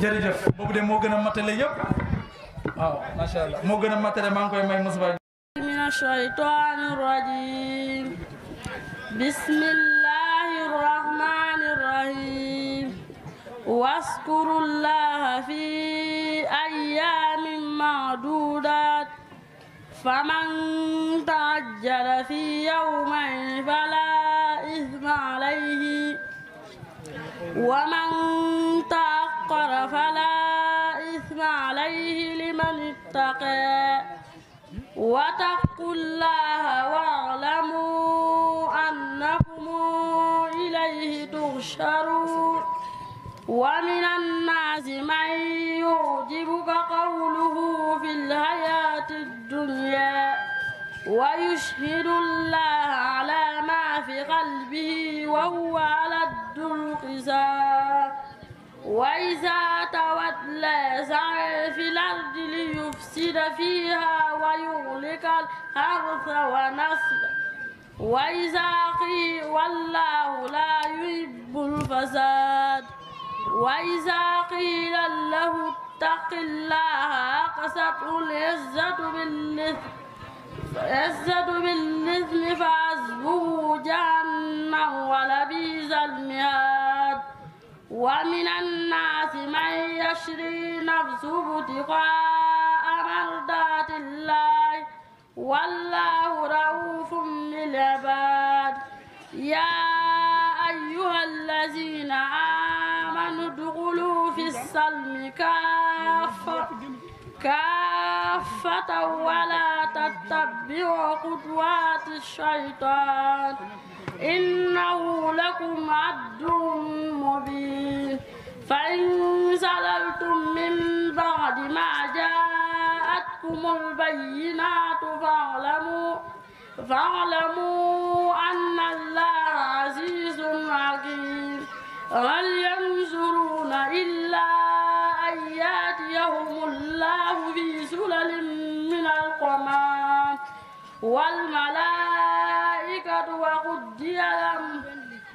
jërëjëf boobu de moo gën a matale yëpp waaw macha allah moo gën a matale maa ngi koy may musubaay min ashaytaan rajim bismillahi rahmani rahim waskuru llaha fi ayyamin maadudat faman taajjala fi yawmayn fala ithma alayhi waman taa فقر فلا إثم عليه لمن اتقى واتقوا الله واعلموا أنكم إليه تغشرون ومن الناس من يعجبك قوله في الحياة الدنيا ويشهد الله على ما في قلبه وهو على الدنيا وإذا تولى سعى في الأرض ليفسد فيها ويغلق الحرث ونصب وإذا قيل والله لا يحب الفساد وإذا قيل له اتق الله أقسته العزة بالإثم عزة فعزبه جهنم ولبيس المهاد ومن الناس من يشري نفسه ابتغاء مرضات الله والله رؤوف بالعباد يا أيها الذين آمنوا ادخلوا في السلم كافة كافة ولا تتبعوا خطوات الشيطان إنه لكم عدو مبين فإن زللتم من بعد ما جاءتكم البينات فاعلموا فاعلموا أن الله عزيز حكيم هل ينظرون إلا أن يأتيهم الله في سلل من القمام والملائكة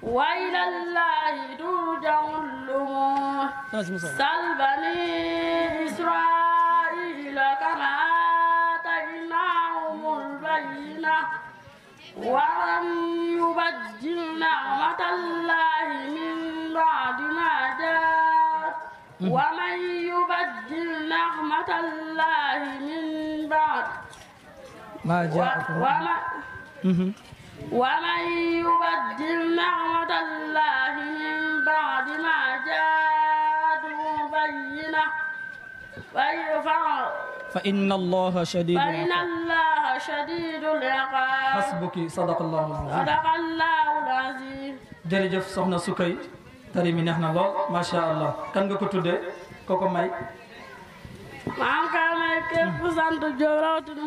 وإلى الله ترجع الأمور سل بني إسرائيل كما آتيناهم البينة ولم يبدل نعمة الله من بعد ما جاء ومن يبدل نعمة الله من بعد ما جاءت ومن يبدل نعمة الله من بعد ما جاءته بينه فإن الله شديد فإن الله شديد العقاب حسبك صدق الله العظيم صدق الله العظيم جرجف صحنا سكاي تري من neex الله ما شاء الله كان nga ko كوكو ماي ما maa ngi كيف may képp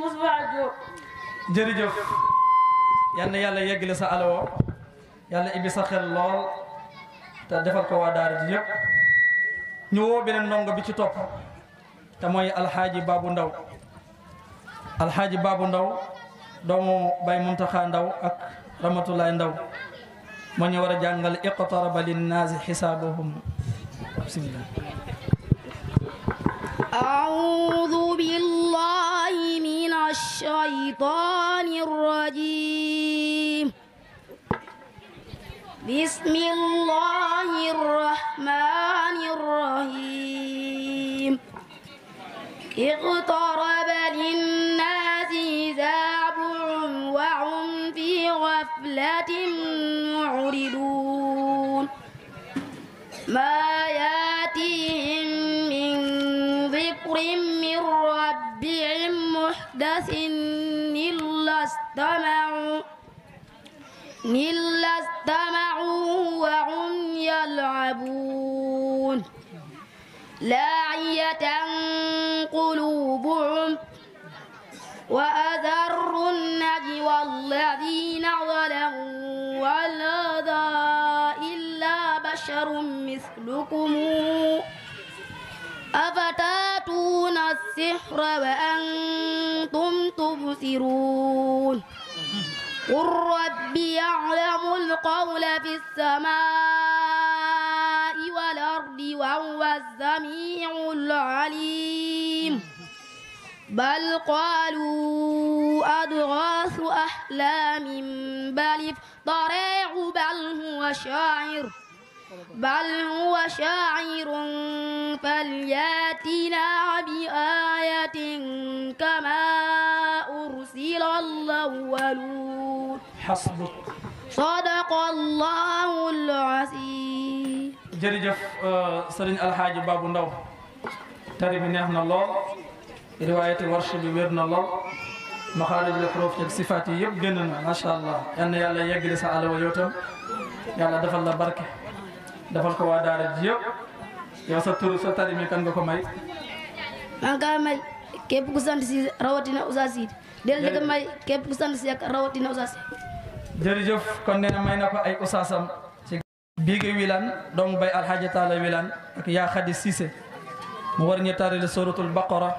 sant Diop yalla yalla yegle sa alawoo yalla ibi sa xel lol ta defal ko wa daara ji yëpp ñu wo benen ndongo bi ci topp te mooy alxaaji babu ndaw alxaaji babu ndaw doomu bay muntaha ndaw ak ramatulaay ndaw mo ñu wara jangal iqtaraba lin nas hisabuhum bismillah a'udhu billahi الشيطان الرجيم بسم الله الرحمن الرحيم اقترب استمعوا إلا استمعوا وهم يلعبون لاعية قلوبهم وأذر النجوى الذين ظلموا ولا إلا بشر مثلكم أفتاتون السحر وأنتم يفترون قل رب يعلم القول في السماء والأرض وهو السميع العليم بل قالوا أضغاث أحلام بل افتراه بل هو شاعر بل هو شاعر فلياتنا بآية كما الأصيل الأولون حصبك صدق الله العزيز جري جف آه، سرين الحاج بابو نو تاري من يحن الله رواية ورش بيرن الله مخارج الحروف جل صفاتي يبقننا ما شاء الله أن يالا يجلس على ويوتم يالا دفع الله بركة دفع الكوا دار الجيب يا ستور ستاري ميكان بكو ماي ما كامل كيف كسان رواتنا أزازيد del dëgg may képp ku sant si ak rawatina Oustaz. jërëjëf kon nee na may na ko ay Oustazam ci biige wilaan doomu bay alxaaji taala wilaan ak yaa xadi Cissé mu war ñu taril suratul baqara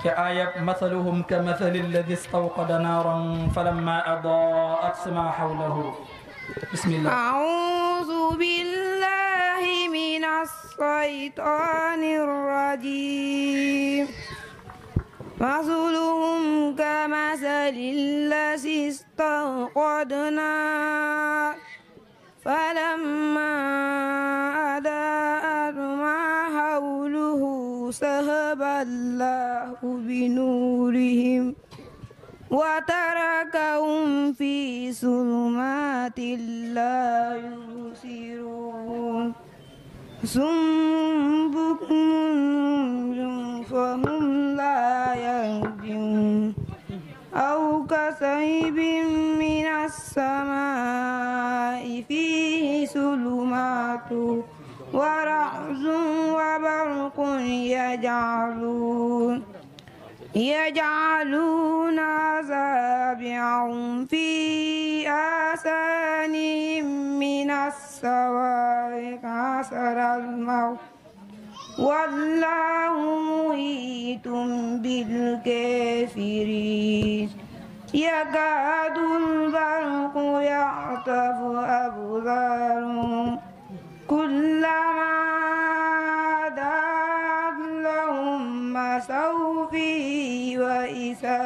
ci aayab mathaluhum ka mathali alladi stawqada naaran falamma adaat ma xawlahu bismillah auzu billahi min alshaytani rajim مثلهم كمثل الذي استوقد نار فلما أضاءت ما حوله سهب الله بنورهم وتركهم في ظلمات لا يبصرون ثم غيب من السماء فيه سلمات ورعز وبرق يجعلون يجعلون أصابعهم في آسانهم من السوائق عسر الموت والله محيط بالكافرين يكاد البرق يعطف أبصارهم كلما دعت لهم مسوا فيه وإذا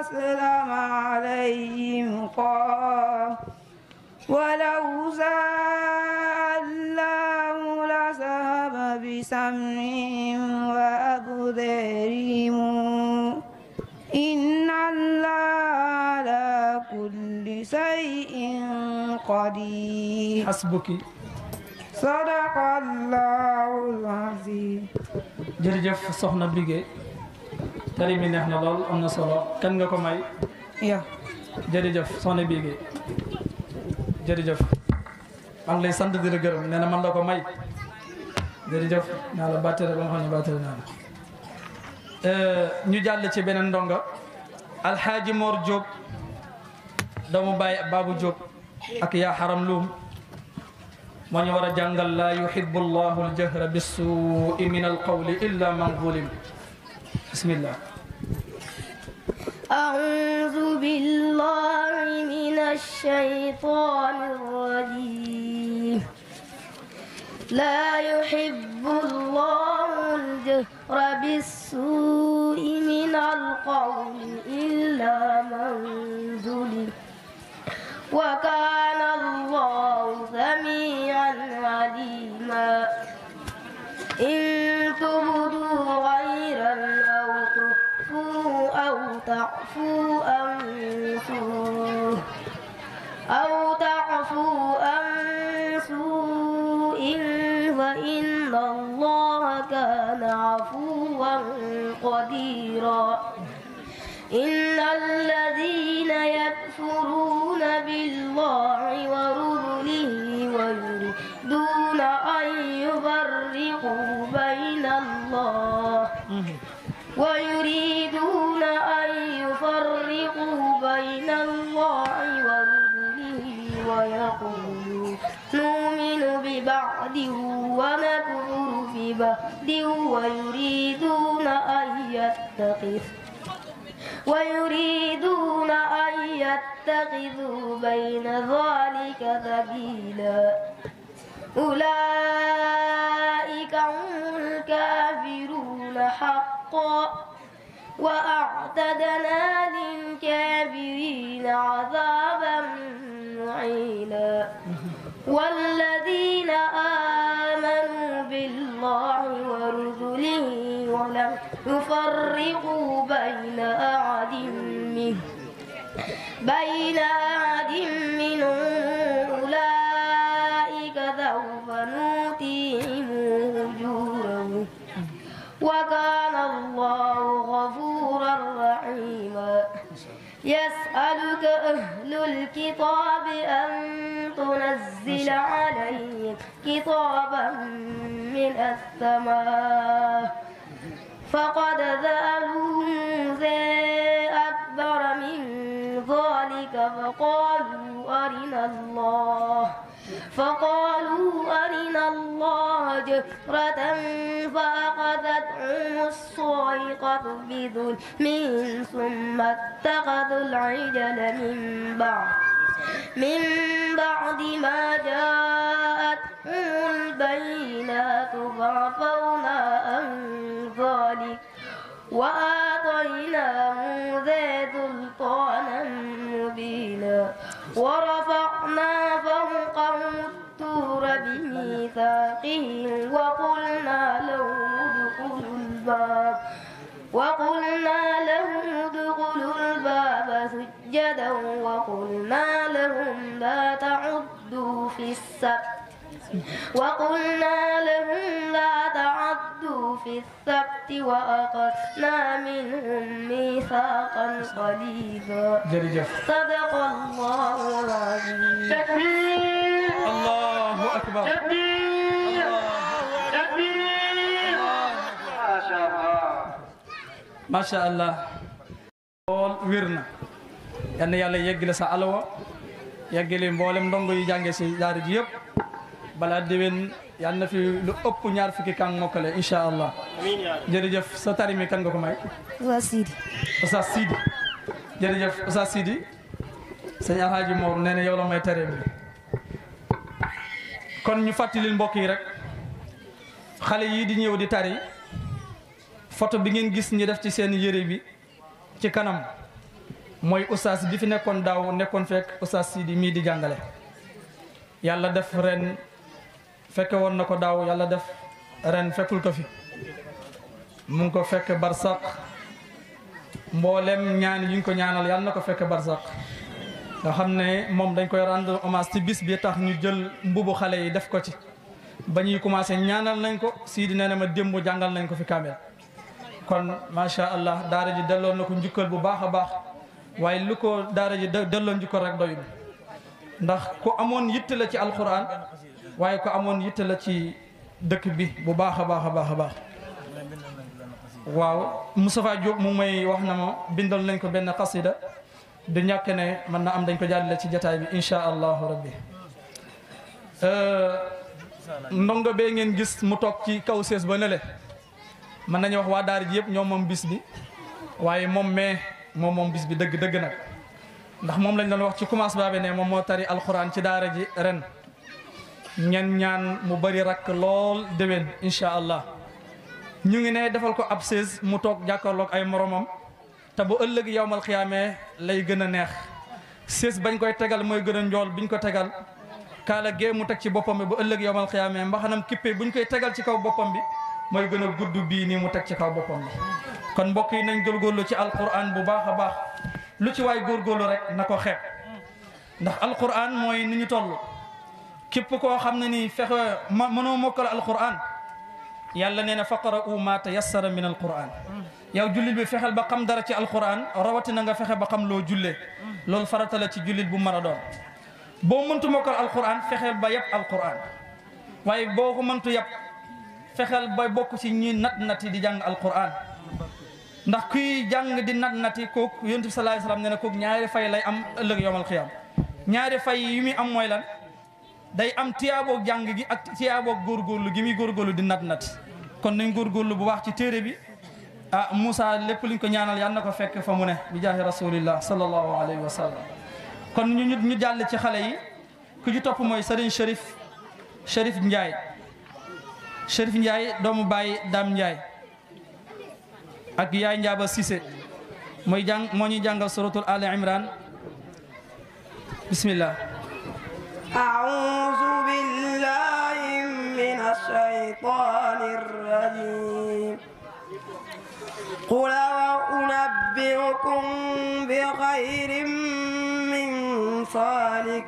أسلم عليهم قال ولو شاء الله لذهب بسمعهم وأبذارهم kulli shay'in qadir soxna Bigué tari mi neex na lool am na solo kan nga ko may ya jërëjëf soxna Bigué jërëjëf maa lay sant di la gërëm nee man la ko may jërëjëf naa la bàttale ba nga xam ne bàttale ñu jàll ci beneen ndonga alxaaji Mor Diop doomu baay Babou Diop ak yaa xaram luum moo ñu war a jàngal laa yuhibbu llahu aljahra bissuui min alqawli illa man zulim bismillah أعوذ بالله من الشيطان الرجيم لا يحب الله الجهر بالسوء من القول إلا من ظلم وكان الله سميعا عليما إن تبدوا غيرا أو تخفوه أو تعفوا أنسوه أو تعفوا أنسوه فإن الله كان عفوا قديرا إن الذين يكفرون الله ورسله ويريدون أن يفرقوا بين الله ويريدون أن يفرقوا بين الله ورسله ويقولون نؤمن ببعض ونكفر ببعض ويريدون أن يتخذ ويريدون أن تتخذوا بين ذلك سبيلا أولئك هم الكافرون حقا وأعتدنا للكافرين عذابا معينا والذين آمنوا بالله ورسله ولم يفرقوا بين أحد بين من أولئك سوف نؤتيهم أجورهم وكان الله غفورا رحيما يسألك أهل الكتاب أن تنزل عليهم كتابا من السماء فقد ذلوا فقالوا أرنا الله فقالوا أرنا الله جهرة فأخذتهم الصاعقة بظلمهم ثم اتخذوا العجل من بعد من بعد ما جاءتهم البينات فعفونا عن ذلك وآتيناهم ذلك ورفعنا فوقهم التور بميثاقهم وقلنا لهم ادخلوا الباب وقلنا لهم ادخلوا الباب سجدا وقلنا لهم لا تعدوا في السبت وقلنا لهم في السبت وأخذنا منهم ميثاقا قليلا صدق الله العظيم تكبير الله أكبر تكبير تكبير ما شاء الله ما شاء الله wérna yal na yàlla yeggale sa alawa yeggale mboolem ndongo yi jànge si balaa déwén yal na fi lu ëpp ñaar fukki kan mokkale incha allah. jërëjëf sa tarimi kan nga ko may. Oustaz Sidi. Oustaz Sidi jërëjëf Oustaz Sidi. sëñ Alhaji Mor nee na yow la may tarimi kon ñu fàttali mbokk yi rek xale yii di ñëw di tari photo bi ngeen gis ñu def ci seen yére bi ci kanam mooy Oustaz bi fi nekkoon daaw nekkoon fekk Oustaz Sidi mii di jàngale yàlla def ren. fekke woon na ko yàlla def ren fekkul ko fi mu ngi ko fekke barsak mboolem ñaan yi ñu ko ñaanal yàlla na ko fekke barsaq nga xam ne dañ koy rendre hommage ci bis bi tax ñu jël mbubu xale yi def ko ci ba commencé ñaanal nañ ko sii di ma démb jàngal nañ ko fi kaamel kon macha allah daara ji delloo na ko njukkal bu baax a baax waaye lu ko ji delloo njukkal rek doyul ndax ku amoon yitte la ci alquran waaye ko amoon yitte la ci dëkk bi bu baax a baax a baax a baax waaw Moustapha Diop mu may wax na ma bindal nañ ko benn xasida du ñàkk ne mën na am dañ ko jàllale ci jataay bi insha allahu rabbi ndongo bee ngeen gis mu toog ci kaw sees ba nele mën nañu wax waa daara ji yëpp ñoom moom bis bi waaye moom mais moom moom bis bi dëgg dëgg nag ndax moom lañ doon wax ci commence baabe ne moom moo tari alxuraan ci daara ji ren ngeen ñaan mu bari rakk lool déwén incha allah ñu ngi ne defal ko ab sées mu toog jàkkaarloog ay moroomam te bu ëllëg yowmal xiyaamee lay gën a neex sées bañ koy tegal mooy gën a njool biñ ko tegal kaala gee mu teg ci boppam bi bu ëllëg yowmal xiyaamee mbaxanam kippee buñ koy tegal ci kaw boppam bi mooy gën a gudd bii nii mu teg ci kaw boppam bi kon mbokk yi góor góorgóorlu ci alquran bu baax a baax lu ci waay góorlu rek na ko xeeb ndax alquran mooy ni ñu toll كيف كو خامنني فخ منو موكل القران يالا نينا فقراو ما تيسر من القران يا جولي بي فخال با خام دارا القران رواتي نغا فخ با خام لو جولي لول فراتا لا تي جولي بو مارادون بو مونتو موكل القران فخال با ياب القران واي بو كو ياب فخال با بوكو سي ني نات ناتي دي جان القران ndax kuy jang di nat nati ko yunus sallallahu alaihi wasallam neena ko ñaari fay lay am ëlëk yowal xiyam ñaari fay yimi am moy lan day am tiyaaboog jàng gi ak tiyaaboog góorgóorlu gi muy góorgóorlu di nat nat kon nañ góorgóorlu bu baax ci téere bi a ah Moussa lépp liñ ko ñaanal yal na ko fekk fa mu ne bi jaahi rasulillah sallallahu alayhi wa sallam kon ñu ñu jàll ci xale yi ku ci topp mooy Serigne Cherif Cherif Ndiaye Cherif Ndiaye doomu Baye Dame Ndiaye ak Yaay Ndiaba Cissé mooy jàng moo ñuy jàngal suratul Al Imran bismillah أعوذ بالله من الشيطان الرجيم قل وأنبئكم بخير من صالح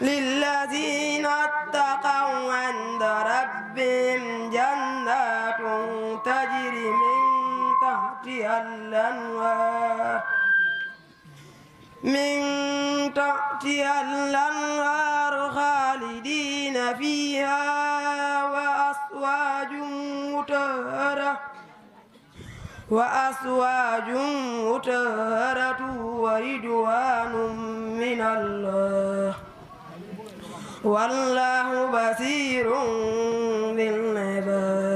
للذين اتقوا عند ربهم جنات تجري من تحتها الأنوار من تأتي الأنهار خالدين فيها وأزواج مطهرة وأزواج مطهرة ورضوان من الله والله بصير بالعباد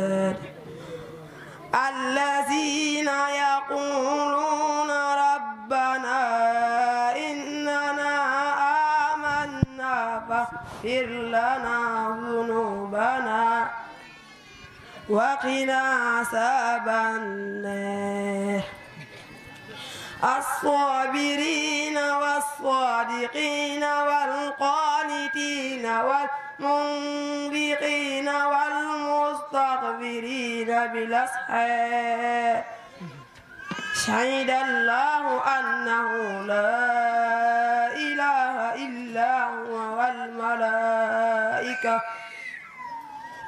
وقنا عذاب النار الصابرين والصادقين والقانتين والمنفقين والمستغفرين بالأسحار شهد الله أنه لا إله إلا هو والملائكة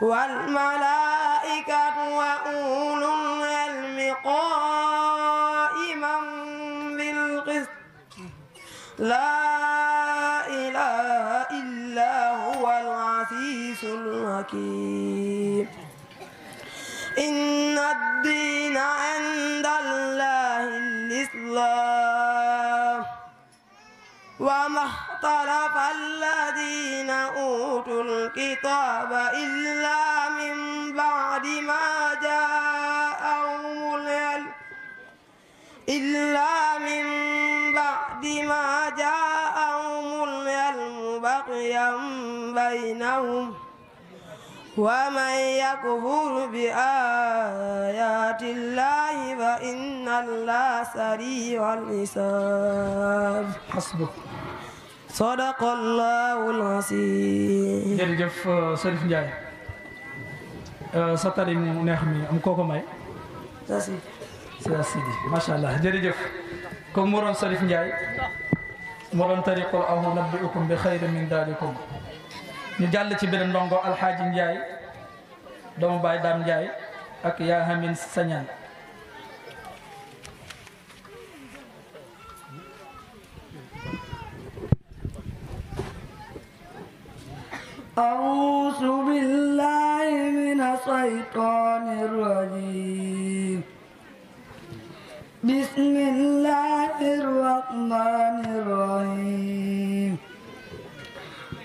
والملائكة الملائكة وأولو العلم قائما بالقسط لا إله إلا هو العزيز الحكيم إن الدين عند الله الإسلام وما اختلف الذين أوتوا الكتاب إلا ما جاءهم العلم إلا من بعد ما جاءهم العلم بقيا بينهم ومن يكفر بآيات الله فإن الله سريع الحساب حسبك صدق الله العظيم جرجف صرف جاي Euh, sa tari mu neex mii am koo ko may. saa si saa si di macha allah jërëjëf. comme moroom Salif Ndiaye moroom tariqul aw nabbiukum bi xayri min dalikum ñu jàll ci beneen ndongo Alxaaji Ndiaye doomu baay Daam Ndiaye ak Yaahamin Sañan أعوذ بالله من الشيطان الرجيم بسم الله الرحمن الرحيم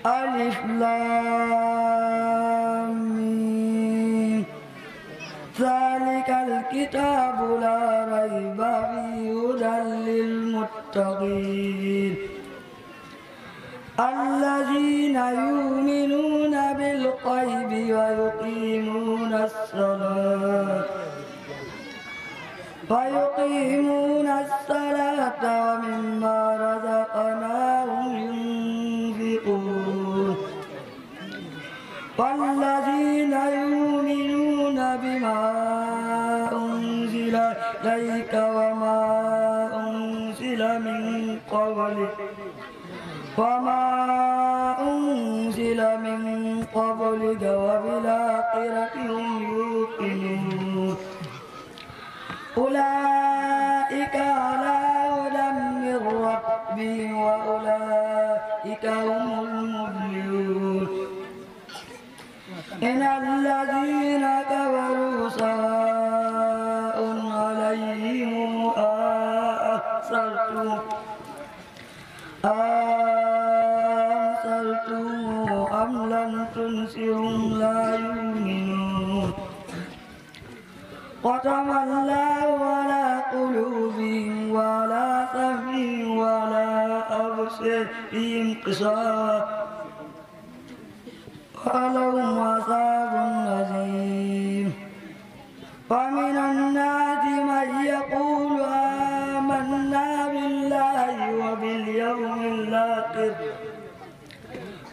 ألف لام ذلك الكتاب لا ريب فيه هدى للمتقين الذين الغيب ويقيمون الصلاة ويقيمون الصلاة ومما رزقناهم ينفقون والذين يؤمنون بما أنزل إليك وما أنزل من قبلك وما أنزل من فضلك وبالآخرة هم يوقنون أولئك على هدى من ربهم ومن الناس من يقول آمنا بالله وباليوم الآخر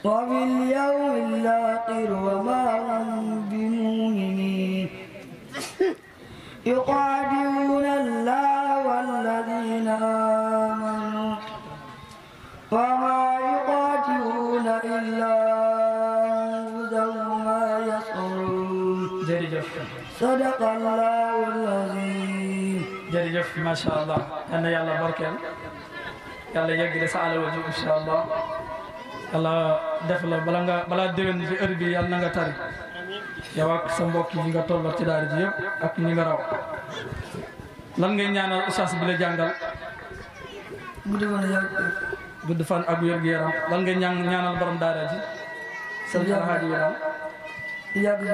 وباليوم الآخر وما هم بمؤمنين يقادرون الله والذين آمنوا فما Sadaqallahul azim. Jërëjëf masha ya Allah yal na yàlla barkeel yàlla ya ya sa àll waju insha Allah def la bala nga balaa déwén heure bi nga tari yow ak sa mbokk yi nga tollal ci daara ji yëpp ak ñi nga raw lan ngay ñaanal ustaas bi la jàngal gudd fan yàgg gudd fan ak wér yaram lan ngay ñaan ñaanal borom daara ji sa yaram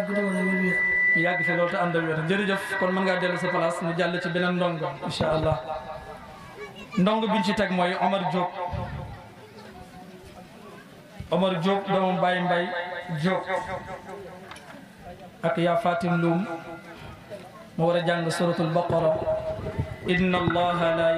gudd ñu yàgg fi loolu te jërëjëf kon mën ngaa dellu si place mu jàll ci beneen ndongo incha allah ndongo biñ ci teg mooy Omar Diop Omar Diop doomu Baye Mbaye Diop ak yaa Fatim Loum mu war a jàng suratul baqara inna allaha la